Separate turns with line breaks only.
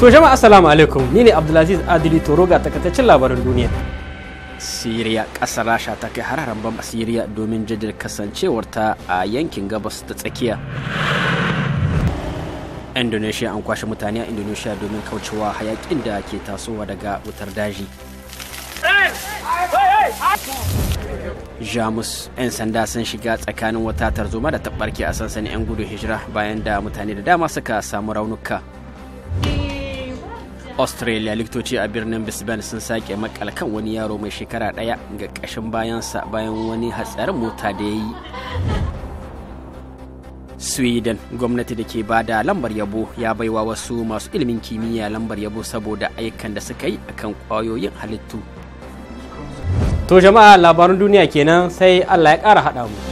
To jama'a assalamu alaikum ni ne Abdulaziz Adili Toro ga takaitaccen labaran duniya. Siriya ƙasar Rasha ta kai hararen bam a Siriya domin jaddada kasancewarta a yankin gabas da tsakiya. Indonesia an kwashe mutane a Indonesia domin kaucewa hayakin da ke tasowa daga wutar daji. Jamus 'yan sanda sun shiga tsakanin wata tarzoma da ta barke a sansanin 'yan gudun hijira bayan da mutane da dama suka samu raunuka. australia likitoci a birnin brisbane sun sake makalkan kan wani yaro mai shekara daya ga kashin bayansa bayan wani hatsarin mota da ya yi sweden gwamnati da ke ba da lambar yabo ya baiwa wasu masu ilimin kimiyya lambar yabo saboda ayyukan da
suka yi akan kwayoyin halittu to jama'a labaran duniya kenan
sai allah ya kara haɗa mu